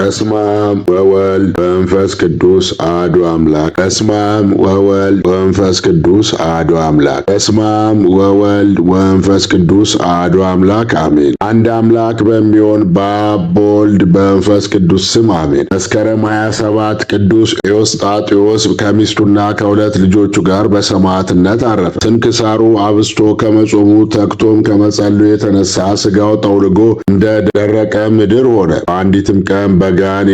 በስመ አብ ወወልድ ወመንፈስ ቅዱስ አሐዱ አምላክ። በስመ አብ ወወልድ ወመንፈስ ቅዱስ አሐዱ አምላክ። በስመ አብ ወወልድ ወመንፈስ ቅዱስ አሐዱ አምላክ አሜን። አንድ አምላክ በሚሆን በአብ በወልድ በመንፈስ ቅዱስ ስም አሜን። መስከረም 27 ቅዱስ ኤዎስጣቴዎስ ከሚስቱና ከሁለት ልጆቹ ጋር በሰማዕትነት አረፈ። ስንክሳሩ አብስቶ ከመጾሙ ተግቶም ከመጸለዩ የተነሳ ስጋው ጠውልጎ እንደ ደረቀ ምድር ሆነ። በአንዲትም ቀን በጋን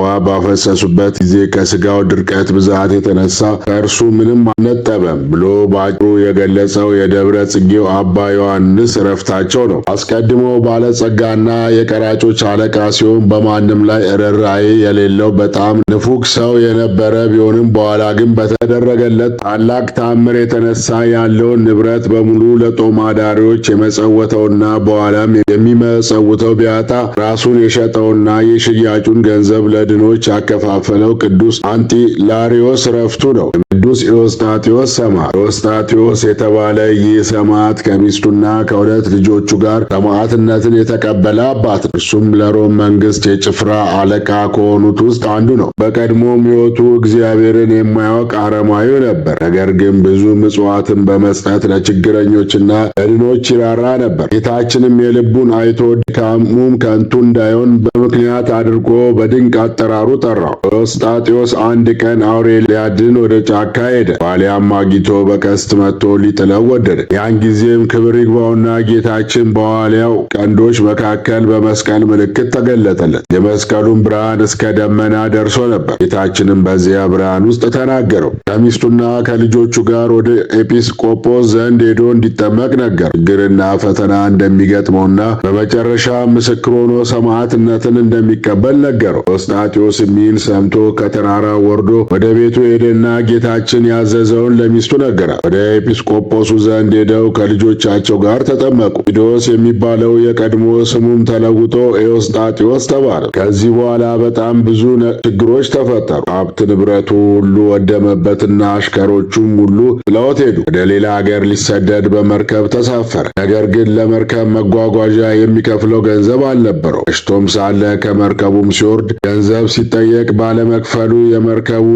ውሃ ባፈሰሱበት ጊዜ ከስጋው ድርቀት ብዛት የተነሳ ከእርሱ ምንም አልነጠበም ብሎ በአጭሩ የገለጸው የደብረ ጽጌው አባ ዮሐንስ እረፍታቸው ነው። አስቀድሞ ባለጸጋና የቀራጮች አለቃ ሲሆን በማንም ላይ ርኅራኄ የሌለው በጣም ንፉግ ሰው የነበረ ቢሆንም በኋላ ግን በተደረገለት ታላቅ ታምር የተነሳ ያለውን ንብረት በሙሉ ለጦማዳሪዎች የመጸወተውና በኋላም የሚመጸውተው ቢያጣ ራሱን የሸጠውና የሽያ የሽያጩን ገንዘብ ለድኖች ያከፋፈለው ቅዱስ አንጢላሪዮስ ረፍቱ ነው። ቅዱስ ኤዎስጣቴዎስ ሰማዕት። ኤዎስጣቴዎስ የተባለ ይህ ሰማዕት ከሚስቱና ከሁለት ልጆቹ ጋር ሰማዕትነትን የተቀበለ አባት ነው። እርሱም ለሮም መንግስት የጭፍራ አለቃ ከሆኑት ውስጥ አንዱ ነው። በቀድሞም ሕይወቱ እግዚአብሔርን የማያውቅ አረማዊ ነበር። ነገር ግን ብዙ ምጽዋትን በመስጠት ለችግረኞችና ለድኖች ይራራ ነበር። ጌታችንም የልቡን አይቶ ድካሙም ከንቱ እንዳይሆን ምክንያት አድርጎ በድንቅ አጠራሩ ጠራው። ኤዎስጣቴዎስ አንድ ቀን አውሬ ሊያድን ወደ ጫካ ሄደ። ዋሊያም አጊቶ በቀስት መጥቶ ሊጥለው ወደደ። ያን ጊዜም ክብር ይግባውና ጌታችን በዋሊያው ቀንዶች መካከል በመስቀል ምልክት ተገለጠለት። የመስቀሉን ብርሃን እስከ ደመና ደርሶ ነበር። ጌታችንም በዚያ ብርሃን ውስጥ ተናገረው። ከሚስቱና ከልጆቹ ጋር ወደ ኤጲስቆጶስ ዘንድ ሄዶ እንዲጠመቅ ነገር ችግርና ፈተና እንደሚገጥመውና በመጨረሻ ምስክር ሆኖ ሰማዕትነትን እንደሚቀበል ነገረው። ዮስጣጢዎስ የሚል ሰምቶ ከተራራ ወርዶ ወደ ቤቱ ሄደና ጌታችን ያዘዘውን ለሚስቱ ነገራት። ወደ ኤጲስቆጶሱ ዘንድ ሄደው ከልጆቻቸው ጋር ተጠመቁ። ዲዶስ የሚባለው የቀድሞ ስሙም ተለውጦ ኤዎስጣቴዎስ ተባለ። ከዚህ በኋላ በጣም ብዙ ችግሮች ተፈጠሩ። ሀብት ንብረቱ ሁሉ ወደመበትና አሽከሮቹም ሁሉ ጥለውት ሄዱ። ወደ ሌላ ሀገር ሊሰደድ በመርከብ ተሳፈረ። ነገር ግን ለመርከብ መጓጓዣ የሚከፍለው ገንዘብ አልነበረው። እሽቶም ሳለ ከመርከቡም ሲወርድ ገንዘብ ሲጠየቅ ባለመክፈሉ የመርከቡ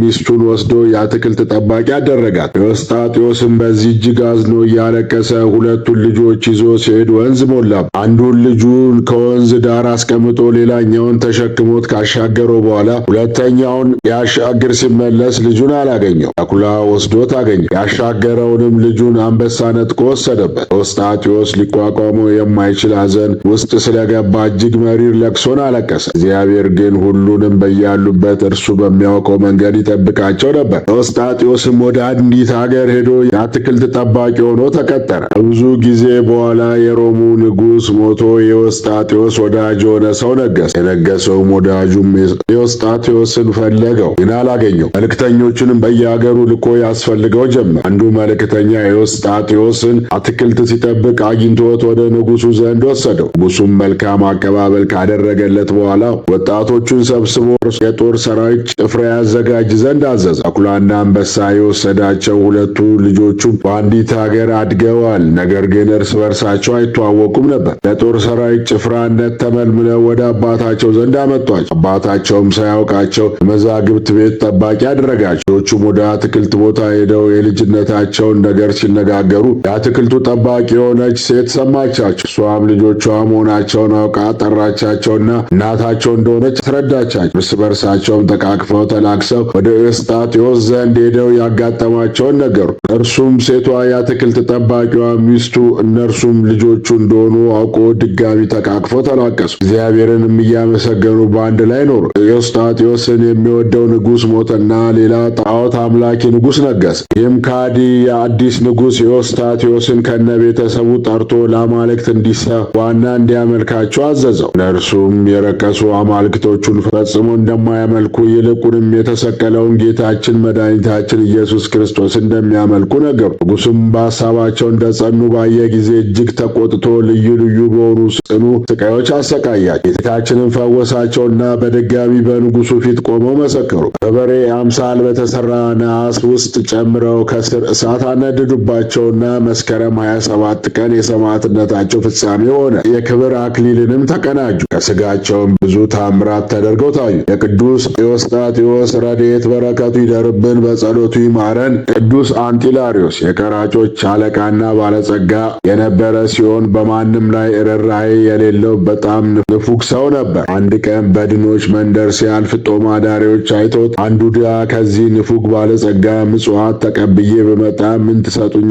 ሚስቱን ወስዶ የአትክልት ጠባቂ አደረጋት። ዮስጣጢዮስም በዚህ እጅግ አዝኖ እያለቀሰ ሁለቱን ልጆች ይዞ ሲሄድ ወንዝ ሞላም። አንዱን ልጁን ከወንዝ ዳር አስቀምጦ ሌላኛውን ተሸክሞት ካሻገረው በኋላ ሁለተኛውን ያሻግር ሲመለስ ልጁን አላገኘው። ተኩላ ወስዶት አገኘ። ያሻገረውንም ልጁን አንበሳ ነጥቆ ወሰደበት። ዮስጣጢዮስ ሊቋቋመው የማይችል ሐዘን ውስጥ ስለገባ እጅግ መሪር ለቅሶ ልቅሶን አለቀሰ። እግዚአብሔር ግን ሁሉንም በያሉበት እርሱ በሚያውቀው መንገድ ይጠብቃቸው ነበር። ዮስጣጤዎስም ወደ አንዲት አገር ሄዶ የአትክልት ጠባቂ ሆኖ ተቀጠረ። ከብዙ ጊዜ በኋላ የሮሙ ንጉሥ ሞቶ የዮስጣጤዎስ ወዳጅ የሆነ ሰው ነገሰ። የነገሰውም ወዳጁም የዮስጣቴዎስን ፈለገው፣ ግን አላገኘው። መልእክተኞቹንም በየአገሩ ልኮ ያስፈልገው ጀመር። አንዱ መልእክተኛ የዮስጣቴዎስን አትክልት ሲጠብቅ አግኝቶት ወደ ንጉሱ ዘንድ ወሰደው። ንጉሱም መልካም አቀባበል ካደረገ ከተደረገለት በኋላ ወጣቶቹን ሰብስቦ የጦር ሰራዊት ጭፍራ ያዘጋጅ ዘንድ አዘዘ። አኩላና አንበሳ የወሰዳቸው ሁለቱ ልጆቹም በአንዲት ሀገር አድገዋል። ነገር ግን እርስ በርሳቸው አይተዋወቁም ነበር። ለጦር ሰራዊት ጭፍራነት ተመልምለው ወደ አባታቸው ዘንድ አመጧቸው። አባታቸውም ሳያውቃቸው መዛግብት ቤት ጠባቂ አደረጋቸው። ልጆቹም ወደ አትክልት ቦታ ሄደው የልጅነታቸውን ነገር ሲነጋገሩ የአትክልቱ ጠባቂ የሆነች ሴት ሰማቻቸው። እሷም ልጆቿ መሆናቸውን አውቃ ጠራቻቸውን እና እናታቸው እንደሆነች አስረዳቻቸው። እርስ በርሳቸውም ተቃቅፈው ተላቅሰው ወደ ኤስጣቴዎስ ዘንድ ሄደው ያጋጠማቸውን ነገሩ። እርሱም ሴቷ የአትክልት ጠባቂዋ ሚስቱ፣ እነርሱም ልጆቹ እንደሆኑ አውቆ ድጋሚ ተቃቅፈው ተላቀሱ። እግዚአብሔርንም እያመሰገኑ በአንድ ላይ ኖሩ። ኤስጣቴዎስን የሚወደው ንጉሥ ሞተና ሌላ ጣዖት አምላኪ ንጉሥ ነገሰ። ይህም ካዲ የአዲስ ንጉሥ ኤዎስጣቴዎስን ከነ ቤተሰቡ ጠርቶ ለአማልክት እንዲሰዋና እንዲያመልካቸው አዘዘው። እነርሱም እነርሱም የረከሱ አማልክቶቹን ፈጽሞ እንደማያመልኩ ይልቁንም የተሰቀለውን ጌታችን መድኃኒታችን ኢየሱስ ክርስቶስ እንደሚያመልኩ ነገሩ። ንጉሱም በሀሳባቸው እንደ ጸኑ ባየ ጊዜ እጅግ ተቆጥቶ ልዩ ልዩ በሆኑ ጽኑ ስቃዮች አሰቃያቸው። ጌታችንን ፈወሳቸውና በድጋሚ በንጉሱ ፊት ቆመው መሰከሩ። በበሬ አምሳል በተሰራ ነሐስ ውስጥ ጨምረው ከስር እሳት አነድዱባቸውና መስከረም 27 ቀን የሰማዕትነታቸው ፍጻሜ ሆነ። የክብር አክሊልንም ተቀናጁ። ከሥጋ ጸጋቸውም ብዙ ታምራት ተደርገው ታዩ። የቅዱስ ኤዎስጣቴዎስ ረድኤት በረከቱ ይደርብን፣ በጸሎቱ ይማረን። ቅዱስ አንጢላሪዮስ የቀራጮች አለቃና ባለጸጋ የነበረ ሲሆን በማንም ላይ ርኅራኄ የሌለው በጣም ንፉግ ሰው ነበር። አንድ ቀን በድኖች መንደር ሲያልፍ ጦም አይቶት አንዱ ድሃ ከዚህ ንፉግ ባለጸጋ ምጽዋት ተቀብዬ በመጣ ምን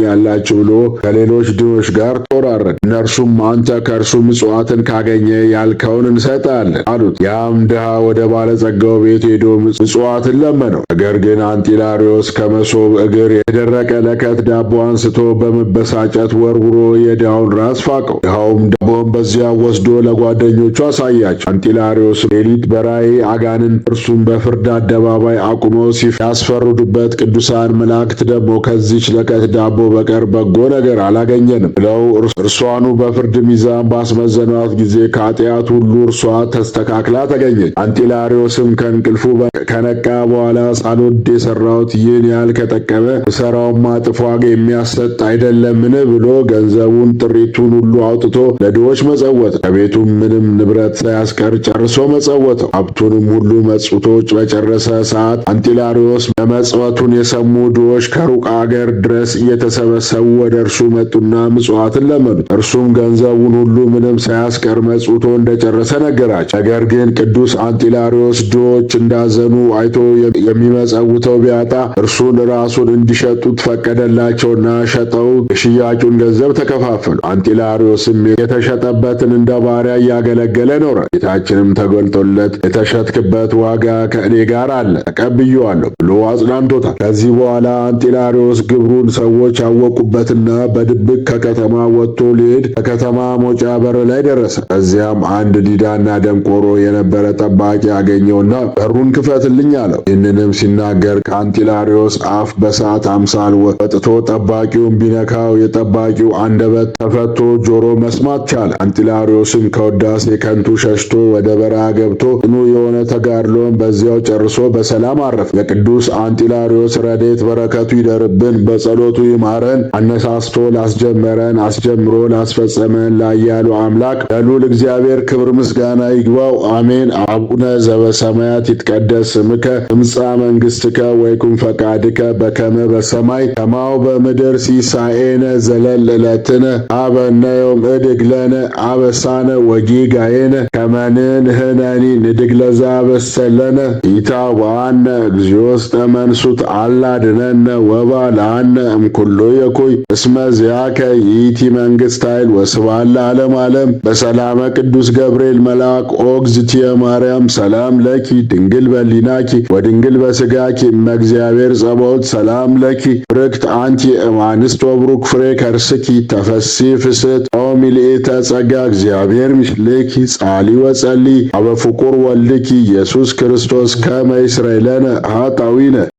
ያላችሁ ብሎ ከሌሎች ድኖች ጋር ተወራረደ። እነርሱም አንተ ከእርሱ ምጽዋትን ካገኘ ያልከውን እንሰጥሃለን አሉት። ያም ድሃ ወደ ባለጸጋው ቤት ሄዶ ምጽዋትን ለመነው። ነገር ግን አንጢላሪዎስ ከመሶብ እግር የደረቀ ለከት ዳቦ አንስቶ በመበሳጨት ወርውሮ የድሃውን ራስ ፋቀው። ድሃውም ዳቦን በዚያ ወስዶ ለጓደኞቹ አሳያቸው። አንጢላሪዎስ ሌሊት በራእይ አጋንን እርሱን በፍርድ አደባባይ አቁመው ሲያስፈርዱበት ቅዱሳን መላእክት ደግሞ ከዚች ለከት ዳቦ በቀር በጎ ነገር አላገኘንም ብለው እርሷኑ በፍርድ ሚዛን ባስመዘኗት ጊዜ ከኃጢአት ሁሉ እርሷ ተስተካክላ ተገኘች። አንጢላሪዮስም ከእንቅልፉ ከነቃ በኋላ ሳልወድ የሠራሁት ይህን ያህል ከጠቀመ ብሠራውማ እጥፍ ዋጋ የሚያሰጥ አይደለምን ብሎ ገንዘቡን ጥሪቱን ሁሉ አውጥቶ ለድሆች መጸወተ። ከቤቱም ምንም ንብረት ሳያስቀር ጨርሶ መጸወተው። ሀብቱንም ሁሉ መጽውቶ በጨረሰ ሰዓት አንጢላሪዎስ መመጽወቱን የሰሙ ድሆች ከሩቅ አገር ድረስ እየተሰበሰቡ ወደ እርሱ መጡና ምጽዋትን ለመኑት። እርሱም ገንዘቡን ሁሉ ምንም ሳያስቀር መጽውቶ እንደጨረሰ ተነገራቸው። ነገር ግን ቅዱስ አንጢላሪዎስ ድሆች እንዳዘኑ አይቶ የሚመጸውተው ቢያጣ እርሱን ራሱን እንዲሸጡት ፈቀደላቸውና ሸጠው የሽያጩን ገንዘብ ተከፋፈሉ። አንጢላሪዎስም የተሸጠበትን እንደ ባሪያ እያገለገለ ኖረ። ጌታችንም ተገልጦለት የተሸጥክበት ዋጋ ከእኔ ጋር አለ ተቀብዬዋለሁ ብሎ አጽናንቶታል። ከዚህ በኋላ አንጢላሪዎስ ግብሩን ሰዎች አወቁበትና በድብቅ ከከተማ ወጥቶ ሊሄድ ከከተማ መውጫ በር ላይ ደረሰ። ከዚያም አንድ እንግዳና ደንቆሮ የነበረ ጠባቂ አገኘውና በሩን ክፈትልኝ አለው። ይህንንም ሲናገር ከአንጢላሪዮስ አፍ በሰዓት አምሳል ወጥቶ ጠባቂውን ቢነካው የጠባቂው አንደበት ተፈቶ ጆሮ መስማት ቻለ። አንጢላሪዮስም ከውዳሴ ከንቱ ሸሽቶ ወደ በረሃ ገብቶ ጽኑ የሆነ ተጋድሎን በዚያው ጨርሶ በሰላም አረፈ። የቅዱስ አንጢላሪዮስ ረዴት በረከቱ ይደርብን፣ በጸሎቱ ይማረን። አነሳስቶ ላስጀመረን አስጀምሮ ላስፈጸመን ላያሉ አምላክ ለሉል እግዚአብሔር ክብር ምስ ምስጋና ይግባው፣ አሜን። አቡነ ዘበሰማያት ይትቀደስ ስምከ እምጻ መንግስትከ ወይኩን ፈቃድከ በከመ በሰማይ ከማው በምድር ሲሳኤነ ዘለለ ዕለትነ ሀበነ ዮም እድግ ለነ አበሳነ ወጊጋየነ ከመ ንሕነኒ ንድግ ለዘአበሰ ለነ ኢታውአነ እግዚኦ ውስተ መንሱት አላ ድነነ ወባልአነ እምኩሎ የኩይ እስመ ዚአከ ይእቲ መንግሥት ኃይል ወስብሐት ለዓለመ ዓለም በሰላመ ቅዱስ ገብርኤል መልአክ ኦ ማርያም ሰላም ለኪ ድንግል በሊናኪ ወድንግል በስጋኪ መእግዚአብሔር ጸቦት ሰላም ለኪ ብርክት አንቲ እማንስት ወብሩክ ፍሬ ከርስኪ ተፈሲ ፍስት ኦ ሚልኤተ ጸጋ እግዚአብሔር ምስሌኪ ጻሊ ወጸሊ አበፍቁር ወልድኪ ኢየሱስ ክርስቶስ ከመ ይስረይ ለነ ኃጣዊነ